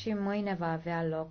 și mâine va avea loc